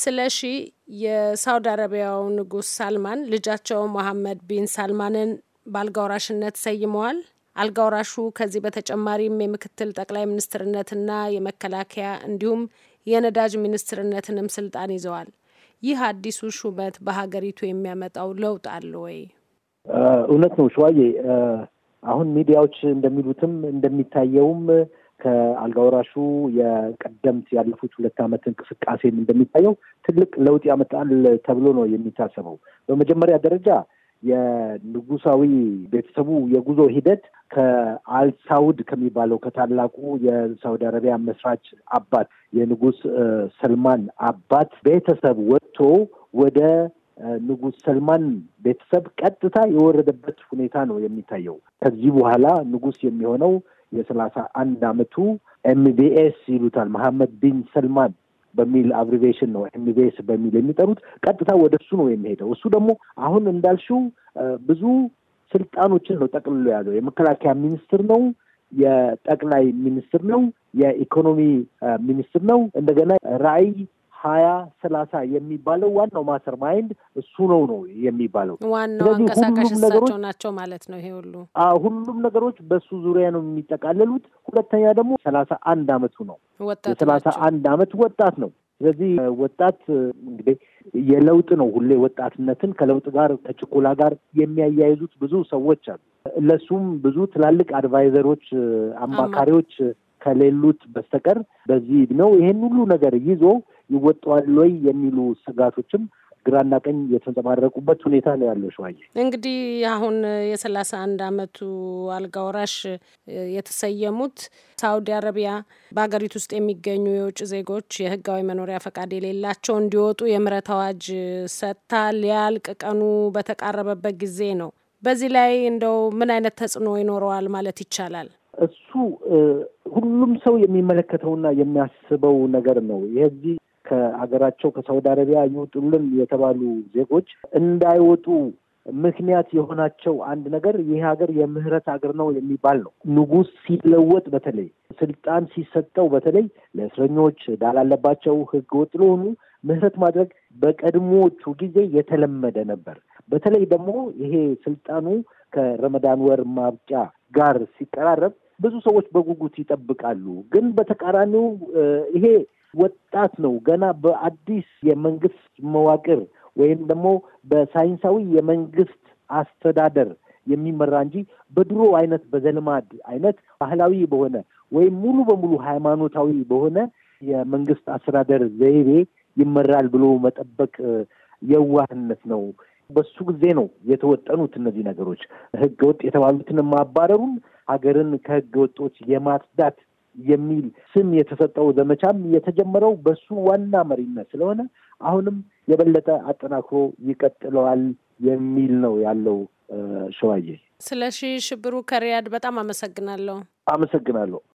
ስለሺ የሳውዲ አረቢያው ንጉስ ሳልማን ልጃቸው መሐመድ ቢን ሳልማንን በአልጋውራሽነት ሰይመዋል። አልጋወራሹ ከዚህ በተጨማሪም የምክትል ጠቅላይ ሚኒስትርነትና የመከላከያ እንዲሁም የነዳጅ ሚኒስትርነትንም ስልጣን ይዘዋል። ይህ አዲሱ ሹመት በሀገሪቱ የሚያመጣው ለውጥ አለ ወይ? እውነት ነው ሸዋዬ። አሁን ሚዲያዎች እንደሚሉትም እንደሚታየውም ከአልጋ ወራሹ የቀደምት ያለፉት ሁለት ዓመት እንቅስቃሴም እንደሚታየው ትልቅ ለውጥ ያመጣል ተብሎ ነው የሚታሰበው። በመጀመሪያ ደረጃ የንጉሳዊ ቤተሰቡ የጉዞ ሂደት ከአልሳውድ ከሚባለው ከታላቁ የሳውዲ አረቢያ መስራች አባት የንጉስ ሰልማን አባት ቤተሰብ ወጥቶ ወደ ንጉስ ሰልማን ቤተሰብ ቀጥታ የወረደበት ሁኔታ ነው የሚታየው። ከዚህ በኋላ ንጉስ የሚሆነው የሰላሳ አንድ አመቱ ኤምቢኤስ ይሉታል መሐመድ ቢን ሰልማን በሚል አብሪቬሽን ነው ኤምቢኤስ በሚል የሚጠሩት። ቀጥታ ወደ እሱ ነው የሚሄደው። እሱ ደግሞ አሁን እንዳልሽው ብዙ ስልጣኖችን ነው ጠቅልሎ ያለው። የመከላከያ ሚኒስትር ነው፣ የጠቅላይ ሚኒስትር ነው፣ የኢኮኖሚ ሚኒስትር ነው። እንደገና ራዕይ ሀያ ሰላሳ የሚባለው ዋናው ማስተር ማይንድ እሱ ነው ነው የሚባለው። ዋናው አንቀሳቃሽ እሳቸው ናቸው ማለት ነው። ይሄ ሁሉ ሁሉም ነገሮች በሱ ዙሪያ ነው የሚጠቃለሉት። ሁለተኛ ደግሞ ሰላሳ አንድ አመቱ ነው። የሰላሳ አንድ አመት ወጣት ነው። ስለዚህ ወጣት እንግዲህ የለውጥ ነው። ሁሌ ወጣትነትን ከለውጥ ጋር ከችኮላ ጋር የሚያያይዙት ብዙ ሰዎች አሉ። ለሱም ብዙ ትላልቅ አድቫይዘሮች፣ አማካሪዎች ከሌሉት በስተቀር በዚህ እድሜው ይሄን ሁሉ ነገር ይዞ ይወጣዋል ወይ የሚሉ ስጋቶችም ግራና ቀኝ የተንጸባረቁበት ሁኔታ ነው ያለው። ሸዋዬ እንግዲህ አሁን የሰላሳ አንድ አመቱ አልጋ ወራሽ የተሰየሙት ሳውዲ አረቢያ በሀገሪቱ ውስጥ የሚገኙ የውጭ ዜጎች የህጋዊ መኖሪያ ፈቃድ የሌላቸው እንዲወጡ የምህረት አዋጅ ሰጥታ ሊያልቅ ቀኑ በተቃረበበት ጊዜ ነው። በዚህ ላይ እንደው ምን አይነት ተጽዕኖ ይኖረዋል ማለት ይቻላል? እሱ ሁሉም ሰው የሚመለከተውና የሚያስበው ነገር ነው የዚህ ከሀገራቸው ከሳውዲ አረቢያ ይውጡልን የተባሉ ዜጎች እንዳይወጡ ምክንያት የሆናቸው አንድ ነገር ይህ ሀገር የምህረት ሀገር ነው የሚባል ነው። ንጉስ ሲለወጥ በተለይ ስልጣን ሲሰጠው በተለይ ለእስረኞች ዳላለባቸው ላለባቸው ወጥ ለሆኑ ምህረት ማድረግ በቀድሞዎቹ ጊዜ የተለመደ ነበር። በተለይ ደግሞ ይሄ ስልጣኑ ከረመዳን ወር ማብቂያ ጋር ሲቀራረብ ብዙ ሰዎች በጉጉት ይጠብቃሉ። ግን በተቃራኒው ይሄ ወጣት ነው። ገና በአዲስ የመንግስት መዋቅር ወይም ደግሞ በሳይንሳዊ የመንግስት አስተዳደር የሚመራ እንጂ በድሮ አይነት በዘልማድ አይነት ባህላዊ በሆነ ወይም ሙሉ በሙሉ ሃይማኖታዊ በሆነ የመንግስት አስተዳደር ዘይቤ ይመራል ብሎ መጠበቅ የዋህነት ነው። በሱ ጊዜ ነው የተወጠኑት እነዚህ ነገሮች። ህገ ወጥ የተባሉትን ማባረሩን ሀገርን ከህገ ወጦች የማጽዳት የሚል ስም የተሰጠው ዘመቻም የተጀመረው በሱ ዋና መሪነት ስለሆነ አሁንም የበለጠ አጠናክሮ ይቀጥለዋል የሚል ነው ያለው። ሸዋዬ ስለሺ ሽብሩ ከሪያድ በጣም አመሰግናለሁ። አመሰግናለሁ።